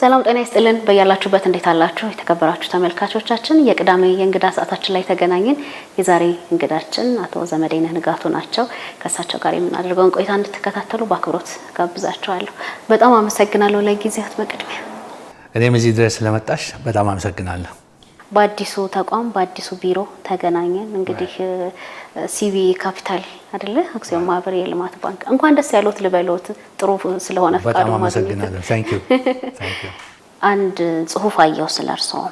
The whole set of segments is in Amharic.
ሰላም ጤና ይስጥልን። በያላችሁበት እንዴት አላችሁ? የተከበራችሁ ተመልካቾቻችን የቅዳሜ የእንግዳ ሰዓታችን ላይ ተገናኘን። የዛሬ እንግዳችን አቶ ዘመዴነህ ንጋቱ ናቸው። ከእሳቸው ጋር የምናደርገውን ቆይታ እንድትከታተሉ በአክብሮት ጋብዛችኋለሁ። በጣም አመሰግናለሁ ለጊዜያት። በቅድሚያ እኔም እዚህ ድረስ ስለመጣሽ በጣም አመሰግናለሁ። በአዲሱ ተቋም በአዲሱ ቢሮ ተገናኘን። እንግዲህ ሲቪ ካፒታል አይደለ አክሲዮን ማህበር የልማት ባንክ እንኳን ደስ ያለዎት ልበሎት። ጥሩ ስለሆነ ፈቃዱ አንድ ጽሁፍ አየው ስለ እርስዎ።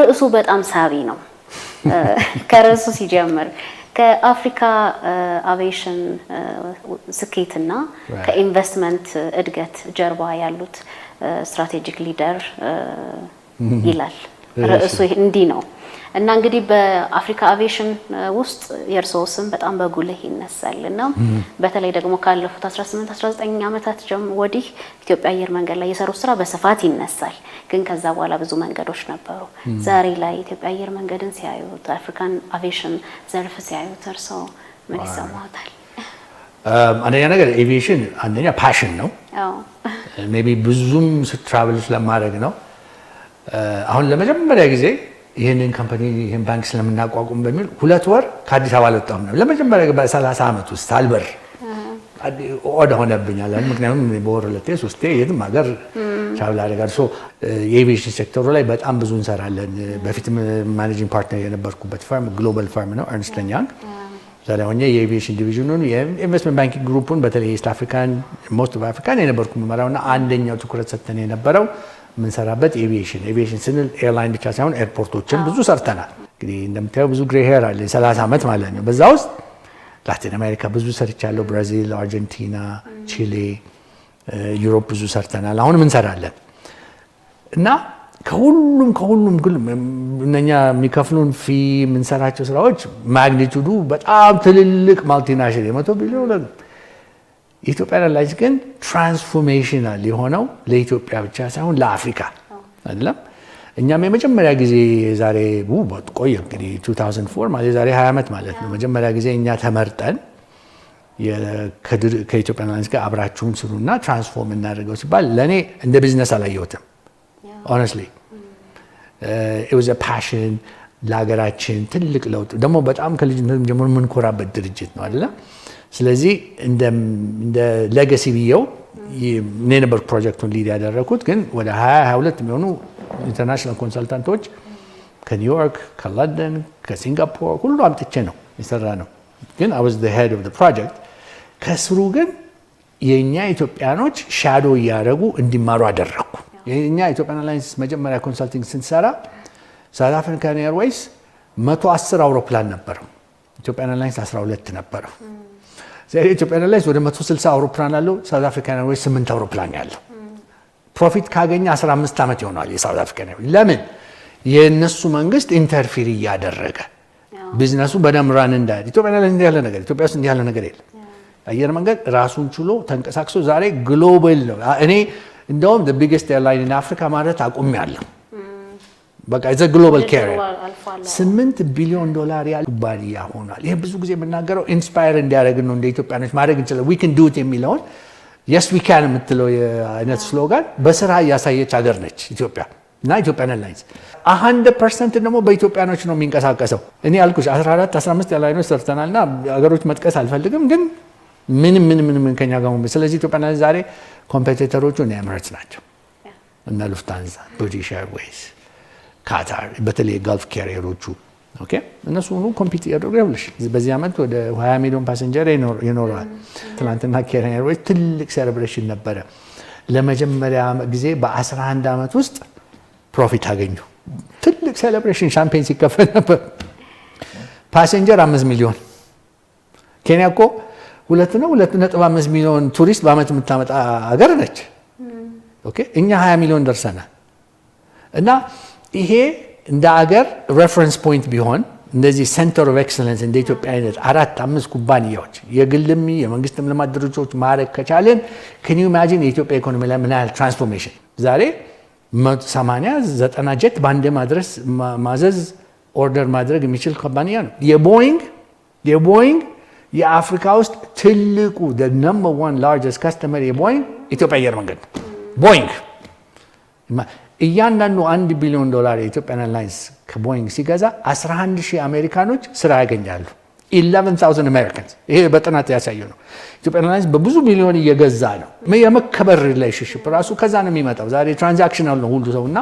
ርዕሱ በጣም ሳቢ ነው። ከርዕሱ ሲጀምር ከአፍሪካ አቪዬሽን ስኬትና ከኢንቨስትመንት እድገት ጀርባ ያሉት ስትራቴጂክ ሊደር ይላል። ርዕሱ እንዲህ ነው እና እንግዲህ በአፍሪካ አቪዬሽን ውስጥ የእርስዎ ስም በጣም በጉልህ ይነሳል እና በተለይ ደግሞ ካለፉት 18 19 ዓመታት ወዲህ ኢትዮጵያ አየር መንገድ ላይ የሰሩት ስራ በስፋት ይነሳል። ግን ከዛ በኋላ ብዙ መንገዶች ነበሩ። ዛሬ ላይ ኢትዮጵያ አየር መንገድን ሲያዩት፣ አፍሪካን አቪዬሽን ዘርፍ ሲያዩት እርስዎ ምን ይሰማዎታል? አንደኛ ነገር ኤቪዬሽን አንደኛ ፓሽን ነው ሜይ ቢ ብዙም ስትራቭል ስለማድረግ ነው አሁን ለመጀመሪያ ጊዜ ይህንን ካምፓኒ ይህን ባንክ ስለምናቋቁም በሚል ሁለት ወር ከአዲስ አበባ አልወጣሁም ነው። ለመጀመሪያ በ30 ዓመት ውስጥ አልበር ኦዳ ሆነብኛል። ምክንያቱም በወር ሁለቴ ሶስቴ የትም ሀገር ትራቭል አደርጋለሁ። ሶ የኤቪዬሽን ሴክተሩ ላይ በጣም ብዙ እንሰራለን። በፊት ማኔጂንግ ፓርትነር የነበርኩበት ፋርም ግሎባል ፋርም ነው ኤርንስት ኤንድ ያንግ። ዛሬ ሆኜ የኤቪዬሽን ዲቪዥኑን የኢንቨስትመንት ባንኪንግ ግሩፑን በተለይ ኢስት አፍሪካን ሞስት ኦፍ አፍሪካን የነበርኩ መመራውና አንደኛው ትኩረት ሰጥተን የነበረው የምንሰራበት ኤቪዬሽን ኤቪዬሽን ስንል ኤርላይን ብቻ ሳይሆን ኤርፖርቶችን ብዙ ሰርተናል። እንግዲህ እንደምታየው ብዙ ግሬ ሄር አለ 30 ዓመት ማለት ነው። በዛ ውስጥ ላቲን አሜሪካ ብዙ ሰርቻለሁ። ብራዚል፣ አርጀንቲና፣ ቺሌ፣ ዩሮፕ ብዙ ሰርተናል። አሁንም እንሰራለን እና ከሁሉም ከሁሉም እነኛ የሚከፍሉን ፊ የምንሰራቸው ስራዎች ማግኒቱዱ በጣም ትልልቅ ማልቲናሽናል የመቶ ቢሊዮን የኢትዮጵያ ነዳጅ ግን ትራንስፎርሜሽናል የሆነው ለኢትዮጵያ ብቻ ሳይሆን ለአፍሪካ አይደለም። እኛም የመጀመሪያ ጊዜ የዛሬ ቆየ እንግዲህ 2004 ማለት የዛሬ 20 ዓመት ማለት ነው። መጀመሪያ ጊዜ እኛ ተመርጠን ከኢትዮጵያ ናንስ ጋር አብራችሁን ስሩና ትራንስፎርም እናደርገው ሲባል ለእኔ እንደ ቢዝነስ አላየሁትም። ሆነስትሊ ኢት አ ፓሽን ለሀገራችን ትልቅ ለውጥ ደግሞ በጣም ከልጅነት ጀምሮ የምንኮራበት ድርጅት ነው አይደለም ስለዚህ እንደ ሌጋሲ ብየው እኔ ነበር ፕሮጀክቱን ሊድ ያደረግኩት። ግን ወደ 22 የሚሆኑ ኢንተርናሽናል ኮንሰልታንቶች ከኒውዮርክ፣ ከለንደን፣ ከሲንጋፖር ሁሉ አምጥቼ ነው የሰራ ነው። ግን አይ ዋዝ ዘ ሄድ ኦፍ ዘ ፕሮጀክት። ከስሩ ግን የእኛ ኢትዮጵያኖች ሻዶ እያደረጉ እንዲማሩ አደረግኩ። የእኛ ኢትዮጵያን አላይንስ መጀመሪያ ኮንሰልቲንግ ስንሰራ ሳውት አፍሪካን ኤርዌይስ 110 አውሮፕላን ነበረው። ኢትዮጵያን አላይንስ 12 ነበረው። ዛሬ ኢትዮጵያ ላይ ወደ 160 አውሮፕላን አለው። ሳውዝ አፍሪካ ነው ኤርዌይስ 8 አውሮፕላን ያለው ፕሮፊት ካገኘ 15 ዓመት ይሆናል። የሳውዝ አፍሪካ ነው ለምን የነሱ መንግስት ኢንተርፊር እያደረገ ቢዝነሱ በደም ራን እንዳል ኢትዮጵያ ላይ እንዲህ ያለ ነገር ኢትዮጵያ ውስጥ እንዲህ ያለ ነገር የለም። አየር መንገድ ራሱን ችሎ ተንቀሳቅሶ ዛሬ ግሎባል ነው። እኔ እንደውም ቢግስት ኤርላይን ኢን አፍሪካ ማለት አቁሜያለሁ። በቃ ዘ ግሎባል ካሪየር ስምንት ቢሊዮን ዶላር ያለ ኩባንያ ሆኗል። ይህ ብዙ ጊዜ የምናገረው ኢንስፓየር እንዲያደርግን ነው። እንደ ኢትዮጵያኖች ማድረግ እንችላለን። ዊ ክን ዱት የሚለውን የስ ዊ ካን የምትለው አይነት ስሎጋን በስራ እያሳየች ሀገር ነች ኢትዮጵያ እና ኢትዮጵያን ኤርላይንስ አንድ ፐርሰንት ደግሞ በኢትዮጵያኖች ነው የሚንቀሳቀሰው። እኔ አልኩሽ 14 15 ኤርላይኖች ሰርተናል እና ሀገሮች መጥቀስ አልፈልግም፣ ግን ምንም ምን ምን ከኛ ጋር ስለዚህ ኢትዮጵያን ዛሬ ኮምፔቴተሮቹ ኤምሬትስ ናቸው እና ሉፍታንዛ ብሪቲሽ ኤርዌይስ ካታር በተለይ የጋልፍ ካሪየሮቹ እነሱ ሁሉ ኮምፒት እያደረጉ ያብልሽ በዚህ ዓመት ወደ 20 ሚሊዮን ፓሰንጀር ይኖረዋል። ትላንትና ካታር ትልቅ ሴሌብሬሽን ነበረ። ለመጀመሪያ ጊዜ በ11 ዓመት ውስጥ ፕሮፊት አገኙ። ትልቅ ሴሌብሬሽን፣ ሻምፔን ሲከፈል ነበር። ፓሰንጀር 5 ሚሊዮን ኬንያ እኮ ሁለት ነው ሁለት ነጥብ አምስት ሚሊዮን ቱሪስት በዓመት የምታመጣ ሀገር ነች። እኛ 20 ሚሊዮን ደርሰናል እና ይሄ እንደ አገር ሬፈረንስ ፖይንት ቢሆን እንደዚህ ሴንተር ኦፍ ኤክሰለንስ እንደ ኢትዮጵያ አይነት አራት አምስት ኩባንያዎች የግልም የመንግስትም ልማት ድርጅቶች ማድረግ ከቻለን ከኒው ኢማጂን የኢትዮጵያ ኢኮኖሚ ላይ ምን ያህል ትራንስፎርሜሽን ዛሬ 80 90 ጀት በአንድ ማድረስ ማዘዝ ኦርደር ማድረግ የሚችል ኩባንያ ነው። የቦይንግ የቦይንግ የአፍሪካ ውስጥ ትልቁ ነምበር ዋን ላርጀስት ካስተመር የቦይንግ ኢትዮጵያ አየር መንገድ ነው። ቦይንግ እያንዳንዱ አንድ ቢሊዮን ዶላር የኢትዮጵያን ኤርላይንስ ከቦይንግ ሲገዛ 11 ሺህ አሜሪካኖች ስራ ያገኛሉ። 11000 አሜሪካንስ ይሄ በጥናት ያሳየ ነው። ኢትዮጵያ ኤርላይንስ በብዙ ሚሊዮን እየገዛ ነው። የመከበር ሪሌሽንሽፕ ራሱ ከዛ ነው የሚመጣው። ዛሬ ትራንዛክሽናል ነው ሁሉ ሰው እና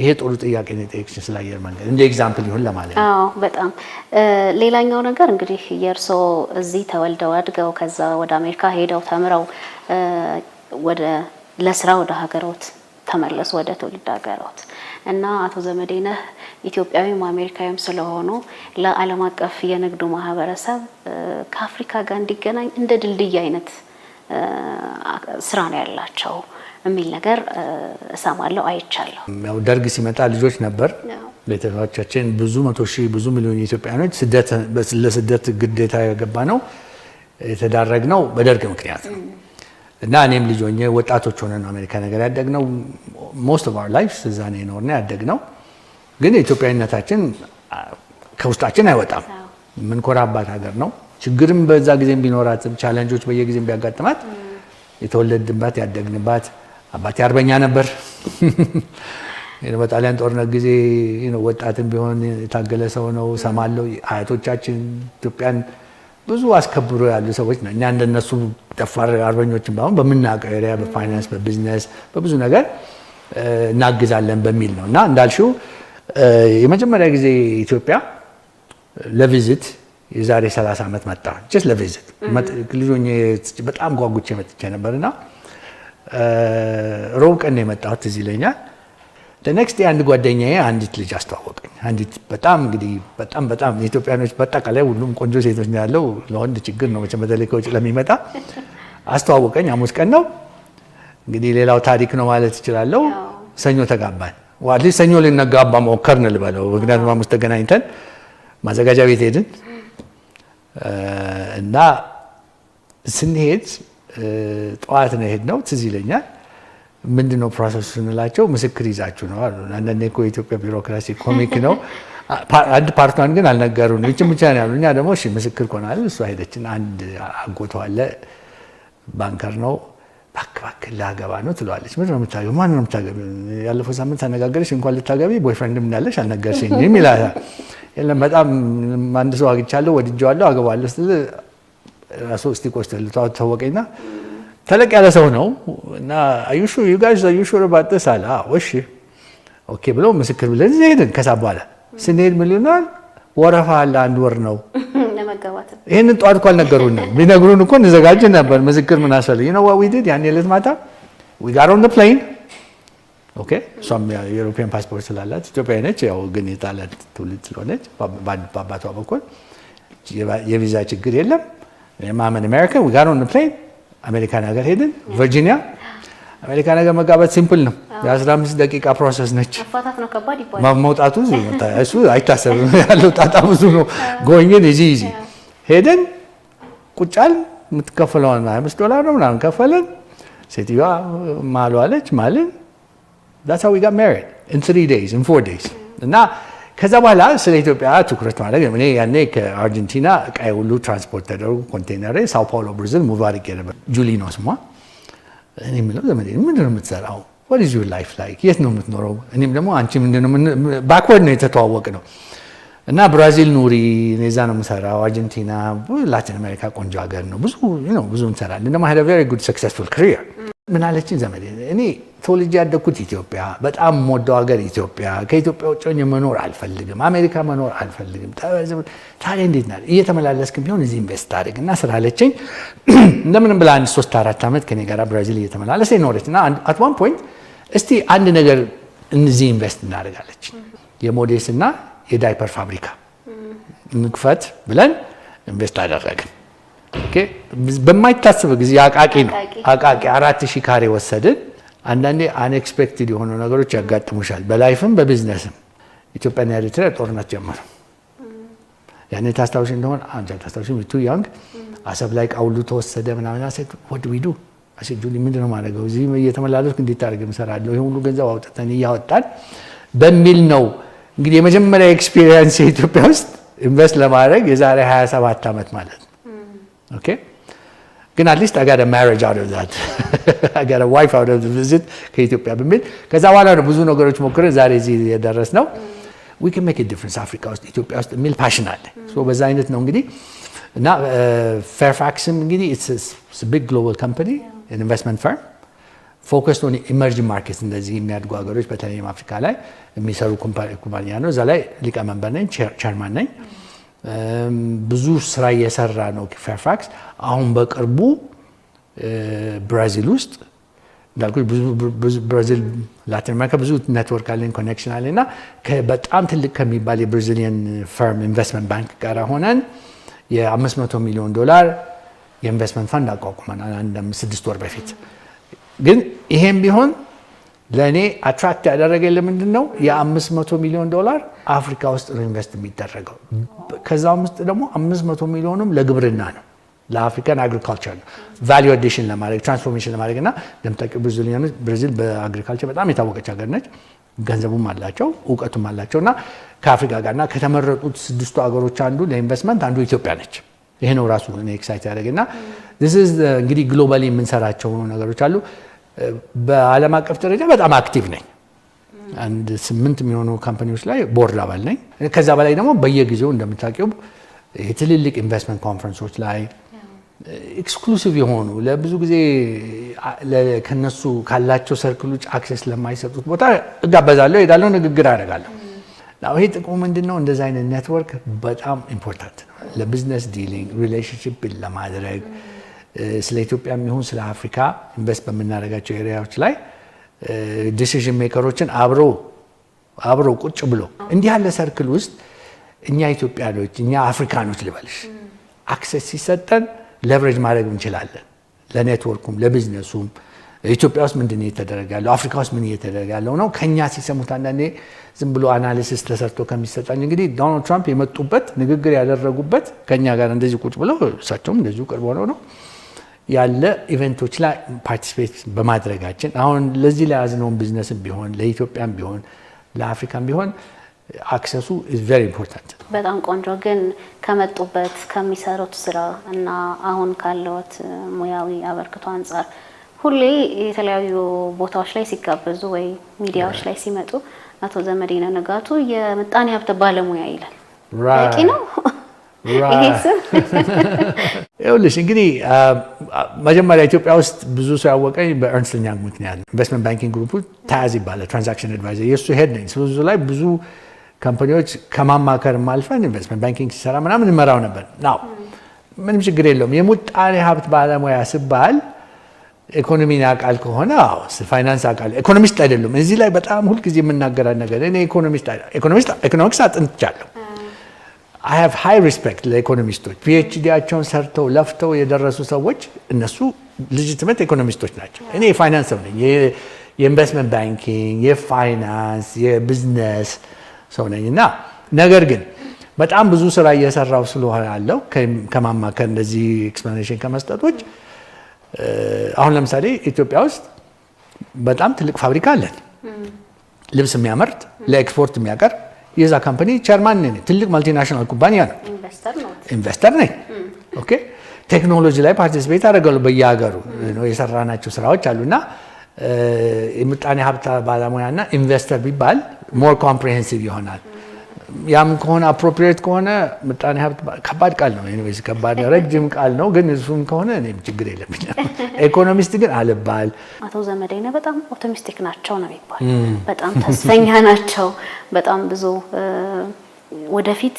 ይሄ ጥሩ ጥያቄ ነው የጠየቅሽኝ ስለ አየር መንገድ እንደ ኤግዛምፕል ይሁን ለማለት ነው። በጣም ሌላኛው ነገር እንግዲህ የእርስዎ እዚህ ተወልደው አድገው ከዛ ወደ አሜሪካ ሄደው ተምረው ወደ ለስራ ወደ ሀገሮት ተመለሱ ወደ ትውልድ ሀገሮት እና አቶ ዘመዴነህ ኢትዮጵያዊም አሜሪካዊም ስለሆኑ ለዓለም አቀፍ የንግዱ ማህበረሰብ ከአፍሪካ ጋር እንዲገናኝ እንደ ድልድይ አይነት ስራ ነው ያላቸው የሚል ነገር እሰማለሁ፣ አይቻለሁ። ያው ደርግ ሲመጣ ልጆች ነበር ቤተሰቦቻችን ብዙ መቶ ሺህ ብዙ ሚሊዮን ኢትዮጵያኖች ለስደት ግዴታ የገባ ነው የተዳረግ ነው በደርግ ምክንያት ነው። እና እኔም ልጅ ሆኜ ወጣቶች ሆነን አሜሪካ ነገር ያደግነው ሞስት ኦፍ አር ላይፍ እዛ ነው የኖርነው ነው። ግን የኢትዮጵያዊነታችን ከውስጣችን አይወጣም። የምንኮራባት ሀገር ነው። ችግርም በዛ ጊዜም ቢኖራትም ቻለንጆች በየጊዜም ቢያጋጥማት የተወለድንባት ያደግንባት። አባቴ አርበኛ ነበር። በጣሊያን ጦርነት ጊዜ ወጣትም ቢሆን የታገለ ሰው ነው። ሰማለው አያቶቻችን ኢትዮጵያን ብዙ አስከብሮ ያሉ ሰዎች ነው። እኛ እንደነሱ ደፋር አርበኞችን ባሁን በምናውቀው ኤሪያ በፋይናንስ በቢዝነስ በብዙ ነገር እናግዛለን በሚል ነው እና እንዳልሽው የመጀመሪያ ጊዜ ኢትዮጵያ ለቪዚት የዛሬ 30 ዓመት መጣ። ጀስት ለቪዚት ልጆ በጣም ጓጉቼ መጥቼ ነበርና ሮብ ቀን የመጣሁት። እዚህ ይለኛል ኔክስት አንድ ጓደኛዬ አንዲት ልጅ አስተዋወቀኝ። አንዲት በጣም እንግዲህ በጣም በጣም የኢትዮጵያኖች በአጠቃላይ ሁሉም ቆንጆ ሴቶች ነው ያለው። ለወንድ ችግር ነው መቼም በተለይ ከውጭ ለሚመጣ አስተዋወቀኝ። ሐሙስ ቀን ነው እንግዲህ ሌላው ታሪክ ነው ማለት እችላለሁ። ሰኞ ተጋባን። ዋትሊ ሰኞ ልንጋባ ሞከርን ልበለው፣ ምክንያቱም ሐሙስ ተገናኝተን ማዘጋጃ ቤት ሄድን እና ስንሄድ ጠዋት ነው የሄድነው ትዝ ይለኛል ምንድን ነው ፕሮሰሱ ስንላቸው ምስክር ይዛችሁ ነው አሉ። አንዳንዴ እኮ የኢትዮጵያ ቢሮክራሲ ኮሚክ ነው። አንድ ፓርቷን ግን አልነገሩን ይችን ብቻ ነው ያሉ። እኛ ደግሞ እሺ ምስክር ኮናል። እሱ ሄደችን። አንድ አጎተዋለ ባንከር ነው። እባክህ እባክህ ላገባ ነው ትለዋለች። ምንድን ነው የምታገቢው? ማን ነው የምታገቢው? ያለፈው ሳምንት አነጋገርሽ እንኳን ልታገቢ ቦይፍሬንድ እንዳለሽ አልነገርሽኝም ይላታል። የለም በጣም አንድ ሰው አግኝቻለሁ፣ ወድጀዋለሁ አገባዋለሁ ስትል ራሱ እስቲ ቆስተ ልታወቅ ተለቅ ያለ ሰው ነው እና አዩሹ ዩጋዥ አዩሹር ባጥስ አለ። እሺ ኦኬ ብሎ ምስክር ብለን ሄድን። ከዛ በኋላ ስንሄድ ምን ይሆናል? ወረፋ አለ አንድ ወር ነው። ይህንን ጠዋት እኮ አልነገሩንም። ቢነግሩን እኮ እንዘጋጅ ነበር። ምስክር ምን ዩ ኖ ዋት ዊ ዲድ ያን የለት ማታ ዊ ጋት ኦን ዘ ፕሌን ኦኬ። እሷም የዩሮፒያን ፓስፖርት ስላላት ኢትዮጵያ ነች፣ ያው ግን የጣሊያን ትውልድ ስለሆነች በአባቷ በኩል የቪዛ ችግር የለም። ማመን አሜሪካን ዊ ጋት ኦን ዘ ፕሌን አሜሪካን ሀገር ሄድን፣ ቨርጂኒያ አሜሪካን ሀገር መጋባት ሲምፕል ነው። የ15 ደቂቃ ፕሮሰስ ነች። መውጣቱ እሱ አይታሰብም። ያለው ጣጣ ብዙ ነው። ጎኝን ይዚ ይዚ ሄደን ቁጫል የምትከፍለውን አምስት ዶላር ነው ምናምን ከፈለን። ሴትዮዋ ማሉ አለች ማልን ዛትስ ሃው ዊ ጋት ማሪድ ኢን ትሪ ዴይዝ ኢን ፎር ዴይዝ እና ከዛ በኋላ ስለ ኢትዮጵያ ትኩረት ማድረግ እኔ ያኔ ከአርጀንቲና እቃዬ ሁሉ ትራንስፖርት ተደርጎ ኮንቴነር ሳው ፓውሎ ብራዚል ሙቭ አድርጌ ነበር። ጁሊ ነው ስሟ። እኔ የምለው ምንድን ነው የምትሰራው? ዋት ኢዝ ዩር ላይፍ ላይክ? የት ነው የምትኖረው? እኔም ደግሞ አንቺ ምንድን ነው ባክወርድ ነው የተተዋወቅ ነው እና ብራዚል ኑሪ ኔዛ ነው የምሰራው። አርጀንቲና፣ ላቲን አሜሪካ ቆንጆ ሀገር ነው። ብዙ ብዙ እንሰራለን። ደግሞ ሀድ ቨሪ ጉድ ሰክሰስፉል ክሪየር ምናለች ዘመድ እኔ ተወልጄ ያደግኩት ኢትዮጵያ፣ በጣም የምወደው ሀገር ኢትዮጵያ። ከኢትዮጵያ ውጭ መኖር አልፈልግም፣ አሜሪካ መኖር አልፈልግም። ታዲያ እንዴት ና እየተመላለስክም ቢሆን እዚህ ኢንቨስት አድርግ እና ስላለችኝ እንደምንም ብላ አንድ ሶስት አራት ዓመት ከኔ ጋር ብራዚል እየተመላለሰ ይኖረች እና አት ዋን ፖይንት እስቲ አንድ ነገር እዚህ ኢንቨስት እናደርጋለች፣ የሞዴስ እና የዳይፐር ፋብሪካ እንክፈት ብለን ኢንቨስት አደረግን። በማይታሰብ ጊዜ አቃቂ ነው። አቃቂ አራት ሺህ ካሬ ወሰድን። አንዳንዴ አንኤክስፔክትድ የሆኑ ነገሮች ያጋጥሙሻል፣ በላይፍም በቢዝነስም። ኢትዮጵያና ኤርትራ ጦርነት ጀመሩ። ያኔ ታስታውሽ እንደሆን አንቺ ታስታውሽም፣ ቱ ያንግ አሰብ ላይ ቃውሉ ተወሰደ ምናምን። አሴት ወድ ዊዱ አሴት ጁሊ ምንድን ነው ማድረገው? እዚህ እየተመላለስኩ እንዴት ታደርግ እሰራለሁ? ይሄ ሁሉ ገንዘብ አውጥተን እያወጣን በሚል ነው እንግዲህ የመጀመሪያ ኤክስፒሪየንስ ኢትዮጵያ ውስጥ ኢንቨስት ለማድረግ የዛሬ 27 ዓመት ማለት ነው። ግን አትሊስት አጋደ ማሬጅ አውት ኦፍ ዛት አጋደ ዋይፍ አውት ኦፍ ቪዚት ከኢትዮጵያ በሚል ከዛ በኋላ ነው ብዙ ነገሮች ሞክረን ዛሬ እዚህ የደረስ ነው። ዊ ካን ሜክ ዲፍረንስ አፍሪካ ውስጥ ኢትዮጵያ ውስጥ የሚል ፓሽን አለ። በዛ አይነት ነው እንግዲህ እና ፌርፋክስም uh, እንግዲህ ኢትስ ቢግ ግሎባል ካምፓኒ ኢንቨስትመንት ፈርም ፎከስድ ኦን ኢመርጂንግ ማርኬት እንደዚህ የሚያድጉ ሀገሮች በተለይም አፍሪካ ላይ የሚሰሩ ኩባንያ ነው። እዛ ላይ ሊቀመንበር ነኝ፣ ቸርማን ነኝ። ብዙ ስራ እየሰራ ነው ፌርፋክስ። አሁን በቅርቡ ብራዚል ውስጥ እንዳልኩ ብራዚል ላቲን አሜሪካ ብዙ ኔትወርክ አለን ኮኔክሽን አለ እና በጣም ትልቅ ከሚባል የብራዚሊያን ፈርም ኢንቨስትመንት ባንክ ጋር ሆነን የ500 ሚሊዮን ዶላር የኢንቨስትመንት ፈንድ አቋቁመን አንድ ስድስት ወር በፊት ግን ይሄም ቢሆን ለእኔ አትራክት ያደረገ ለምንድን ነው የ500 ሚሊዮን ዶላር አፍሪካ ውስጥ ሪንቨስት የሚደረገው። ከዛም ውስጥ ደግሞ 500 ሚሊዮኑም ለግብርና ነው ለአፍሪካን አግሪካልቸር ነው ቫሉ አዲሽን ለማድረግ ትራንስፎርሜሽን ለማድረግ እና እንደምታውቂው ብራዚል በአግሪካልቸር በጣም የታወቀች ሀገር ነች። ገንዘቡም አላቸው እውቀቱም አላቸው እና ከአፍሪካ ጋር ጋርና ከተመረጡት ስድስቱ ሀገሮች አንዱ ለኢንቨስትመንት አንዱ ኢትዮጵያ ነች። ይሄ ነው ራሱ ኤክሳይት ያደረገ እና እንግዲህ ግሎባሊ የምንሰራቸው ነገሮች አሉ። በዓለም አቀፍ ደረጃ በጣም አክቲቭ ነኝ። አንድ ስምንት የሚሆኑ ካምፓኒዎች ላይ ቦርድ አባል ነኝ። ከዛ በላይ ደግሞ በየጊዜው እንደምታውቂው የትልልቅ ኢንቨስትመንት ኮንፈረንሶች ላይ ኤክስክሉሲቭ የሆኑ ለብዙ ጊዜ ከነሱ ካላቸው ሰርክል ውጭ አክሴስ ለማይሰጡት ቦታ እጋበዛለሁ፣ ሄዳለሁ፣ ንግግር አደርጋለሁ። ይሄ ጥቅሙ ምንድን ነው? እንደዚ አይነት ኔትወርክ በጣም ኢምፖርታንት ነው ለቢዝነስ ዲሊንግ ሪሌሽንሽፕ ለማድረግ ስለ ኢትዮጵያ የሚሆን ስለ አፍሪካ ኢንቨስት በምናደርጋቸው ኤሪያዎች ላይ ዲሲዥን ሜከሮችን አብሮ አብሮ ቁጭ ብሎ እንዲህ ያለ ሰርክል ውስጥ እኛ ኢትዮጵያኖች እኛ አፍሪካኖች ልበልሽ አክሰስ ሲሰጠን ለቨሬጅ ማድረግ እንችላለን። ለኔትወርኩም ለቢዝነሱም ኢትዮጵያ ውስጥ ምንድን እየተደረገ ያለው አፍሪካ ውስጥ ምን እየተደረገ ያለው ነው ከእኛ ሲሰሙት አንዳንዴ ዝም ብሎ አናሊሲስ ተሰርቶ ከሚሰጣኝ እንግዲህ ዶናልድ ትራምፕ የመጡበት ንግግር ያደረጉበት ከእኛ ጋር እንደዚህ ቁጭ ብለው እሳቸውም እንደዚሁ ቅርብ ሆነው ነው ያለ ኢቨንቶች ላይ ፓርቲስፔት በማድረጋችን አሁን ለዚህ ለያዝነውን ቢዝነስም ቢሆን ለኢትዮጵያም ቢሆን ለአፍሪካም ቢሆን አክሰሱ ኢዝ ቬሪ ኢምፖርታንት። በጣም ቆንጆ። ግን ከመጡበት ከሚሰሩት ስራ እና አሁን ካለዎት ሙያዊ አበርክቶ አንጻር ሁሌ የተለያዩ ቦታዎች ላይ ሲጋበዙ ወይ ሚዲያዎች ላይ ሲመጡ አቶ ዘመዴነህ ንጋቱ የምጣኔ ሀብት ባለሙያ ይላል። በቂ ነው? ይኸውልሽ እንግዲህ መጀመሪያ ኢትዮጵያ ውስጥ ብዙ ሰው ያወቀኝ በኤርንስት ያንግ ምክንያት ኢንቨስትመንት ባንኪንግ ግሩፕ ታዝ ይባላል። ትራንዛክሽን አድቫይዘር የእሱ ሄድ ነኝ። ብዙ ላይ ብዙ ካምፓኒዎች ከማማከር አልፈን ኢንቨስትመንት ባንኪንግ ሲሰራ ምናምን እንመራው ነበር። ናው ምንም ችግር የለውም። የምጣኔ ሀብት ባለሙያ ስባል ኢኮኖሚን ያውቃል ከሆነ ፋይናንስ ያውቃል። ኢኮኖሚስት አይደሉም። እዚህ ላይ በጣም ሁልጊዜ የምናገራት ነገር እኔ ኢኮኖሚስት ኢኮኖሚክስ አጥንቻለሁ አይ ሃቭ ሃይ ሪስፔክት ለኢኮኖሚስቶች ፒኤችዲያቸውን ሰርተው ለፍተው የደረሱ ሰዎች እነሱ ልጅትመት ኢኮኖሚስቶች ናቸው። እኔ የፋይናንስ ሰው ነኝ። የኢንቨስትመንት ባንኪንግ፣ የፋይናንስ፣ የቢዝነስ ሰው ነኝ እና ነገር ግን በጣም ብዙ ስራ እየሰራው ስለሆነ ያለው ከማማከር እንደዚህ ኤክስፕላኔሽን ከመስጠቶች አሁን ለምሳሌ ኢትዮጵያ ውስጥ በጣም ትልቅ ፋብሪካ አለን ልብስ የሚያመርት ለኤክስፖርት የሚያቀርብ የዛ ካምፓኒ ቸርማን ነኝ። ትልቅ ማልቲናሽናል ኩባንያ ነው። ኢንቨስተር ነኝ። ኦኬ ቴክኖሎጂ ላይ ፓርቲስፔት አደርጋለሁ። በየሀገሩ የሰራናቸው ስራዎች አሉና የምጣኔ ሀብት ባለሙያና ኢንቨስተር ቢባል ሞር ኮምፕሬሄንሲቭ ይሆናል። ያም ከሆነ አፕሮፕሪት ከሆነ ምጣኔ ሀብት ከባድ ቃል ነው፣ ኒዚ ከባድ ነው፣ ረጅም ቃል ነው። ግን እሱም ከሆነ እኔም ችግር የለብኝም። ኢኮኖሚስት ግን አልባል። አቶ ዘመዴነ በጣም ኦፕቲሚስቲክ ናቸው ነው የሚባል፣ በጣም ተስፈኛ ናቸው። በጣም ብዙ ወደፊት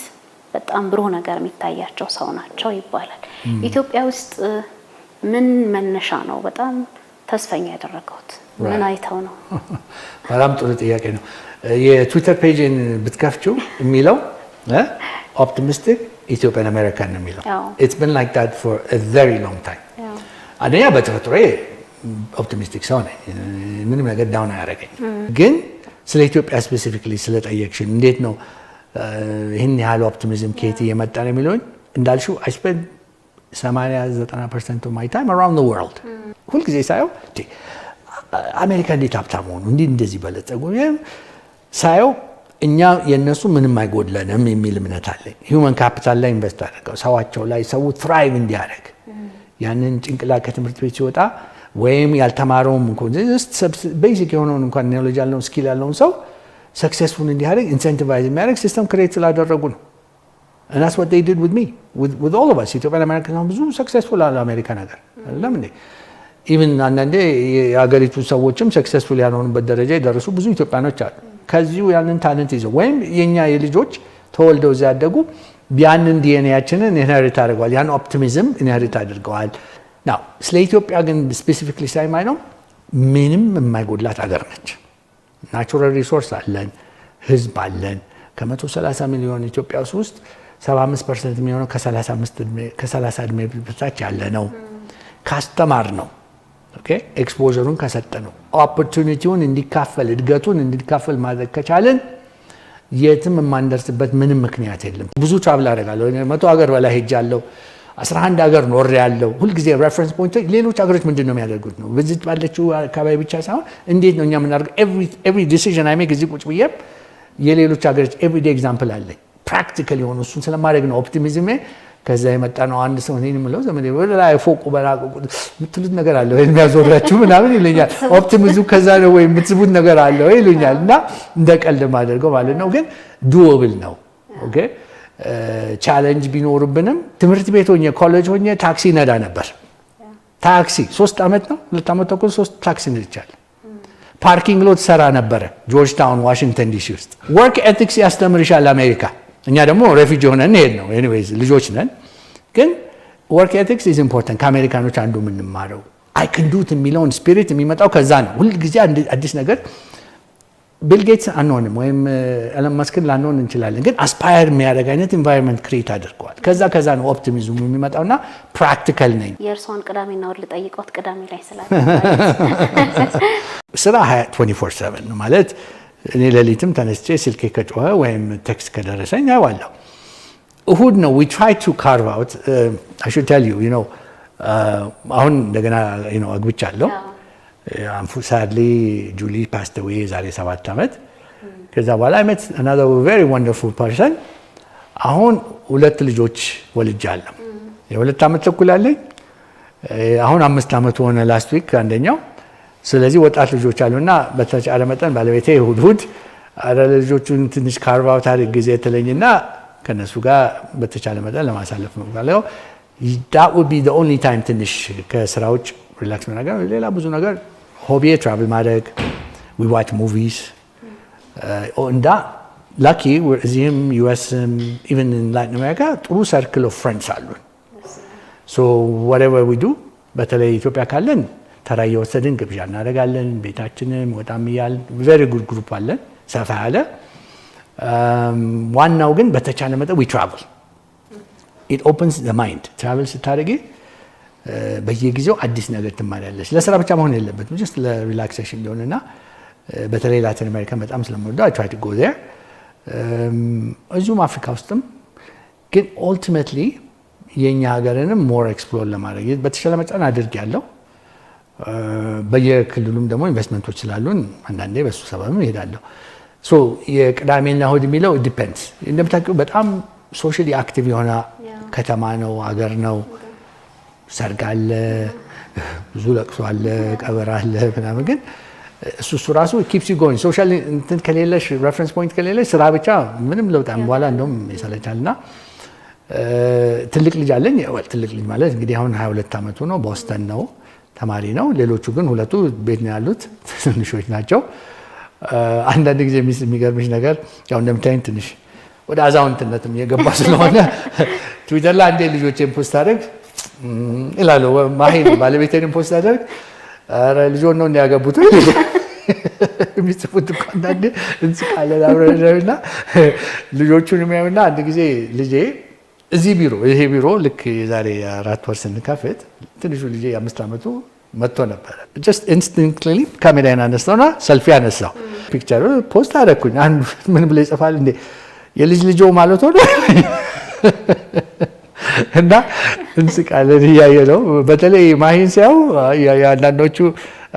በጣም ብሩህ ነገር የሚታያቸው ሰው ናቸው ይባላል። ኢትዮጵያ ውስጥ ምን መነሻ ነው በጣም ተስፈኛ ያደረገውት? ምን አይተው ነው? በጣም ጥሩ ጥያቄ ነው። የትዊተር ፔጅን ብትከፍችው የሚለው ኦፕቲሚስቲክ ኢትዮጵያን አሜሪካን ነው የሚለው። ኢትስ ቢን ላይክ ዳት ፎር አ ቬሪ ሎንግ ታይም። አንደኛ በተፈጥሮዬ ኦፕቲሚስቲክ ሰው ነኝ። ምንም ነገር ዳውን አያደርገኝ። ግን ስለ ኢትዮጵያ ስፔሲፊክሊ ስለጠየቅሽን እንዴት ነው ይህን ያህል ኦፕቲሚዝም ከየት እየመጣ ነው የሚለውን እንዳልሽው አይ ስፔንድ 80 90 ፐርሰንት ኦፍ ማይ ታይም አራውንድ ዘ ወርልድ ሁልጊዜ ሳየው አሜሪካ እንዴት ሀብታም ሆኑ እንዴት እንደዚህ በለጸጉ ሳየው እኛ የእነሱ ምንም አይጎድለንም የሚል እምነት አለኝ። ሂውመን ካፒታል ላይ ኢንቨስት አድርገው ሰዋቸው ላይ ሰው ትራይቭ እንዲያደርግ ያንን ጭንቅላ ከትምህርት ቤት ሲወጣ ወይም ያልተማረውም ቤዚክ የሆነውን እንኳን ኔሎጂ ያለውን ስኪል ያለውን ሰው ሰክሴስፉል እንዲያደርግ ኢንሴንቲቫይዝ የሚያደርግ ሲስተም ክሬት ስላደረጉ ነው። እናስ ወደ ዲድ ዊዝ ሚ ዊዝ ኦል ኦፍ አስ ኢትዮጵያን አሜሪካን ብዙ ሰክሴስፉል አለ አሜሪካ ነገር አይደለም እንዴ ኢቭን አንዳንዴ የሀገሪቱ ሰዎችም ሰክሰስፉል ያልሆኑበት ደረጃ የደረሱ ብዙ ኢትዮጵያኖች አሉ። ከዚሁ ያንን ታለንት ይዘው ወይም የኛ የልጆች ተወልደው እዚያ ያደጉ ያንን ዲኤንኤያችንን ኢንሄሪት አድርገዋል። ያን ኦፕቲሚዝም ኢንሄሪት አድርገዋል። ናው ስለ ኢትዮጵያ ግን ስፔሲፊክሊ ሳይማይ ነው ምንም የማይጎድላት አገር ነች። ናቹራል ሪሶርስ አለን፣ ህዝብ አለን። ከ130 ሚሊዮን ኢትዮጵያ ውስጥ 75 ፐርሰንት የሚሆነው ከ30 እድሜ በታች ያለ ነው። ካስተማር ነው ኤክስፖዘሩን ከሰጠ ነው ኦፖርቹኒቲውን እንዲካፈል እድገቱን እንዲካፈል ማድረግ ከቻለን የትም የማንደርስበት ምንም ምክንያት የለም። ብዙ ትራቭል አደርጋለሁ። መቶ ሀገር በላይ ሄጃለሁ። 11 ሀገር ኖር ያለው ሁልጊዜ ሬፈረንስ ፖይንት ሌሎች ሀገሮች ምንድን ነው የሚያደርጉት ነው ብዝት ባለችው አካባቢ ብቻ ሳይሆን እንዴት ነው እኛ የምናደርገው። ኤቭሪ ዲሲዥን አይሜክ እዚህ ቁጭ ብዬም የሌሎች ሀገሮች ኤቭሪዴ ኤግዛምፕል አለኝ ፕራክቲካል የሆኑ እሱን ስለማድረግ ነው ኦፕቲሚዝሜ ከዛ የመጣ ነው አንድ ሰው እኔን የምለው ዘመዴ ወደ ላይ ፎቁ በላቁ የምትሉት ነገር አለ ወይ የሚያዞራችሁ ምናምን ይሉኛል። ኦፕቲሚዙ ከዛ ነው ወይ የምትስቡት ነገር አለ ወይ ይሉኛል። እና እንደ ቀልድ ማደርገው ማለት ነው። ግን ዱወብል ነው። ኦኬ ቻለንጅ ቢኖርብንም ትምህርት ቤት ሆኜ ኮሌጅ ሆኜ ታክሲ ነዳ ነበር። ታክሲ ሶስት ዓመት ነው ሁለት ዓመት ተኩል ሶስት ታክሲ ነድቻለሁ። ፓርኪንግ ሎት ሰራ ነበረ ጆርጅ ታውን ዋሽንግተን ዲሲ ውስጥ። ወርክ ኤቲክስ ያስተምርሻል አሜሪካ እኛ ደግሞ ሬፊጂ የሆነ እንሄድ ነው። ኤኒዌይዝ ልጆች ነን። ግን ወርክ ኤቲክስ ኢዝ ኢምፖርታንት ከአሜሪካኖች አንዱ የምንማረው አይክንዱት የሚለውን ስፒሪት የሚመጣው ከዛ ነው። ሁልጊዜ አዲስ ነገር ቢልጌትስ አንሆንም ወይም ኤለን uh, መስክን ላንሆን እንችላለን፣ ግን አስፓየር የሚያደርግ አይነት ኢንቫይሮንመንት ክሬት አድርገዋል። ከዛ ከዛ ነው ኦፕቲሚዝሙ የሚመጣውና ፕራክቲካል ነኝ። የእርስዎን ቅዳሜና እሑድ ልጠይቅዎት ቅዳሜ ላይ ስላለ ስራ 24/7 ማለት እኔ ሌሊትም ተነስቼ ስልኬ ከጮኸ ወይም ቴክስት ከደረሰኝ አየዋለሁ። እሁድ ነው ትራይ ቱ ካርቭ አውት አይ ሹድ ቴል ዩ ዩ ኖ አሁን እንደገና ዩ ኖ አግብቻለሁ። አንፉሳድሊ ጁሊ ፓስት አዌይ የዛሬ ሰባት ዓመት። mm. ከዛ በኋላ አይ ሜት አናዘር ቬሪ ወንደርፉል ፐርሰን። አሁን ሁለት ልጆች ወልጃለሁ። mm. የሁለት ዓመት ተኩል አለኝ። uh, አሁን አምስት ዓመት ሆነ ላስት ዊክ አንደኛው ስለዚህ ወጣት ልጆች አሉና በተቻለ መጠን ባለቤቴ እሑድ እሑድ ልጆቹን ትንሽ ካርባው ታሪክ ጊዜ ትለኝና ከነሱ ጋር በተቻለ መጠን ለማሳለፍ ነው ዳት ቢ ኦንሊ ታይም ትንሽ ከስራ ውጭ ሪላክስ ነገር ሌላ ብዙ ነገር ሆቢ ትራቭል ማድረግ ዊ ዋች ሙቪስ እንዳ ላኪ እዚህም ዩኤስም ኢቨን ላቲን አሜሪካ ጥሩ ሰርክል ኦፍ ፍሬንድስ አሉን ሶ ወቨር ዊ ዱ በተለይ ኢትዮጵያ ካለን ተራ እየወሰድን ግብዣ እናደርጋለን። ቤታችንም ወጣም እያልን ቨሪ ጉድ ግሩፕ አለን ሰፋ ያለ። ዋናው ግን በተቻለ መጠን ዊ ትራቭል ኢት ኦፕንስ ዘ ማይንድ። ትራቭል ስታደርጊ በየጊዜው አዲስ ነገር ትማሪያለሽ። ለስራ ብቻ መሆን የለበትም ጀስት ለሪላክሴሽን ቢሆንና በተለይ ላቲን አሜሪካ በጣም ስለምወደው አይ ትራይ ቱ ጎ ዜር እዚሁም አፍሪካ ውስጥም ግን ኦልቲሜትሊ የእኛ ሀገርንም ሞር ኤክስፕሎር ለማድረግ በተሻለ መጠን አድርግ ያለው በየክልሉም ደግሞ ኢንቨስትመንቶች ስላሉን አንዳንዴ በሱ ሰበብም ይሄዳለሁ። ሶ የቅዳሜና እሁድ የሚለው ዲፐንድ እንደምታውቂው በጣም ሶሻሊ አክቲቭ የሆነ ከተማ ነው፣ አገር ነው። ሰርግ አለ፣ ብዙ ለቅሶ አለ፣ ቀበር አለ ምናምን። ግን እሱ እሱ ራሱ ኪፕስ ዩ ጎይንግ ሶሻል እንትን ከሌለሽ ሬፈረንስ ፖይንት ከሌለሽ ስራ ብቻ ምንም ለውጥ በኋላ እንደውም ይሰለቻልና ትልቅ ልጅ አለኝ። ትልቅ ልጅ ማለት እንግዲህ አሁን 22 ዓመቱ ነው። ቦስተን ነው ተማሪ ነው። ሌሎቹ ግን ሁለቱ ቤት ነው ያሉት፣ ትንሾች ናቸው። አንዳንድ ጊዜ የሚገርምሽ ነገር ያው እንደምታይን ትንሽ ወደ አዛውንትነትም የገባ ስለሆነ ትዊተር ላይ አንዴ ልጆቼን ፖስት አደርግ ይላሉ። ማሄ ባለቤቴን ፖስት አደርግ ልጆ ነው እንዲያገቡት የሚጽፉት እኮ አንዳንዴ እንስቃለን አብረና ልጆቹን የሚያዩና አንድ ጊዜ ልጄ እዚህ ቢሮ ይሄ ቢሮ ልክ የዛሬ አራት ወር ስንከፍት ትንሹ ልጄ የአምስት ዓመቱ መጥቶ ነበረ። ጀስት ኢንስቲንክትሊ ካሜራዬን አነሳውና ሰልፊ አነሳው። ፒክቸር ፖስት አደረኩኝ። አንዱ ምን ብሎ ይጽፋል እንዴ የልጅ ልጆ ማለት ሆነ እና እንስቃለን እያየ ነው። በተለይ ማሂን ሲያው የአንዳንዶቹ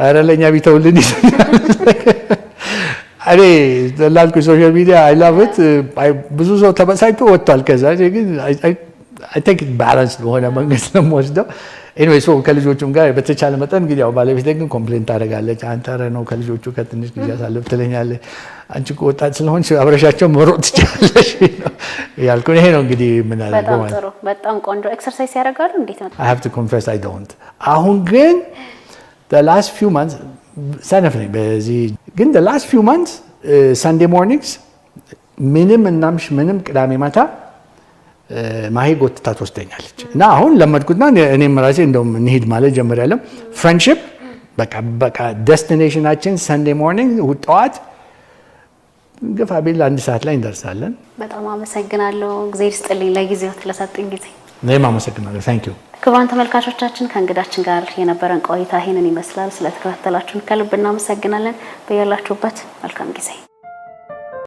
ኧረ ለእኛ ቢተውልን ይሰኛል እኔ ላልኩ ሶሻል ሚዲያ አይ ላቭት ብዙ ሰው ተመሳይቶ ወጥቷል። ከዛ ግን ቲንክ ባላንስ በሆነ መንገድ ነው የምወስደው። ኤኒዌይ ሶ ከልጆቹም ጋር በተቻለ መጠን እንግዲህ ያው ባለቤቴ ግን ኮምፕሌን ታደርጋለች። አንተ ኧረ ነው ከልጆቹ ከትንሽ ጊዜ አሳልፍ ትለኛለህ። አንቺ እኮ ወጣት ስለሆንሽ አብረሻቸው መሮጥ ትችላለሽ ያልኩ ይሄ ነው እንግዲህ የምናደርገው። ማለት ጥሩ፣ በጣም ቆንጆ። ኤክሰርሳይዝ ያደርጋሉ? እንዴት ነው? አይ ሃቭ ቱ ኮንፌስ አይ ዶንት። አሁን ግን ላስት ፊው ማንስ ሰነፍ ነኝ በዚህ ግን ላስት ፊው ማንት ሳንዴ ሞርኒንግስ ምንም እናምሽ ምንም ቅዳሜ ማታ uh, ማሄ ጎትታ ትወስደኛለች እና አሁን ለመድኩትና እኔም ራሴ እንደውም እንሂድ ማለት ጀምሬያለሁ። ፍሬንድሽፕ በቃ በቃ ደስቲኔሽናችን ሰንዴ ሞርኒንግ ጠዋት ግፋ ቢል አንድ ሰዓት ላይ እንደርሳለን። በጣም አመሰግናለሁ። እግዜር ይስጥልኝ ለጊዜው ስለሰጡኝ ጊዜ። እኔም አመሰግናለሁ። ታንክ ዩ ክቡራን ተመልካቾቻችን ከእንግዳችን ጋር የነበረን ቆይታ ይህንን ይመስላል። ስለተከታተላችሁን ከልብ እናመሰግናለን። በያላችሁበት መልካም ጊዜ